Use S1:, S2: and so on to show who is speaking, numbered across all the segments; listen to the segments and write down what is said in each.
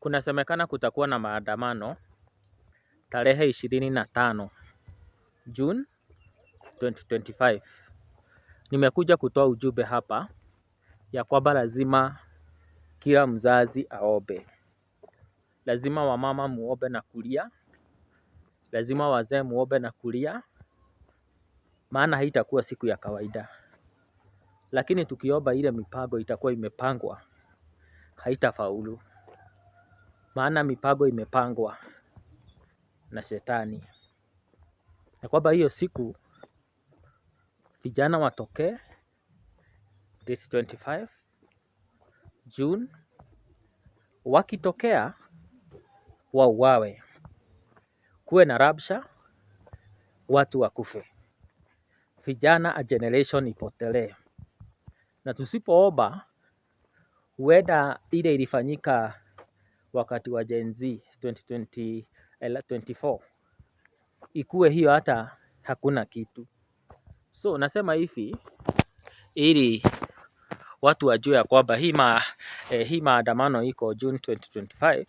S1: Kunasemekana kutakuwa na maandamano tarehe ishirini na tano June 2025. Nimekuja kutoa ujumbe hapa ya kwamba lazima kila mzazi aombe. Lazima wamama muombe na kulia, lazima wazee muombe na kulia, maana haitakuwa siku ya kawaida. Lakini tukiomba ile mipango itakuwa imepangwa haitafaulu. Maana mipango imepangwa na shetani. Na kwamba hiyo siku vijana watokee this 25 June, wakitokea wauawe, kuwe na rabsha, watu wakufe, vijana a generation ipotelee. Na tusipoomba huenda ile ilifanyika wakati wa Gen Z 2020, 2024 ikuwe hiyo, hata hakuna kitu. So nasema hivi ili watu wajue ya kwamba hii ma, eh, hii maandamano iko June 2025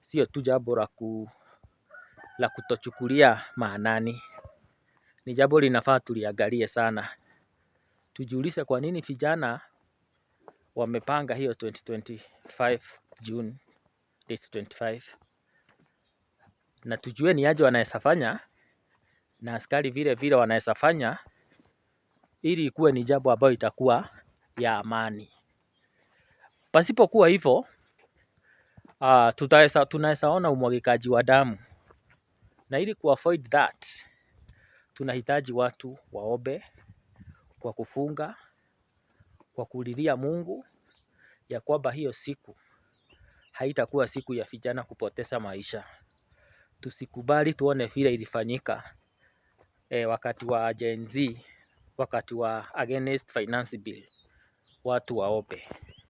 S1: sio tu jambo la ku la kutochukulia maanani, ni jambo linafaa tuliangalie sana, tujiulize kwa nini vijana wamepanga hiyo 2025 June this 25 na tujue ni aje wanaweza fanya na askari vile vile wanaweza fanya ili ikuwe ni jambo ambayo itakuwa ya amani. Pasipokuwa hivyo, uh, ah, tutaweza tunaweza ona umwagikaji wa damu, na ili kuavoid that tunahitaji watu waombe kwa kufunga, kwa kulilia Mungu ya kwamba hiyo siku haitakuwa siku ya vijana kupoteza maisha. Tusikubali tuone vile ilifanyika eh, wakati wa Gen Z, wakati wa against finance bill, watu waope.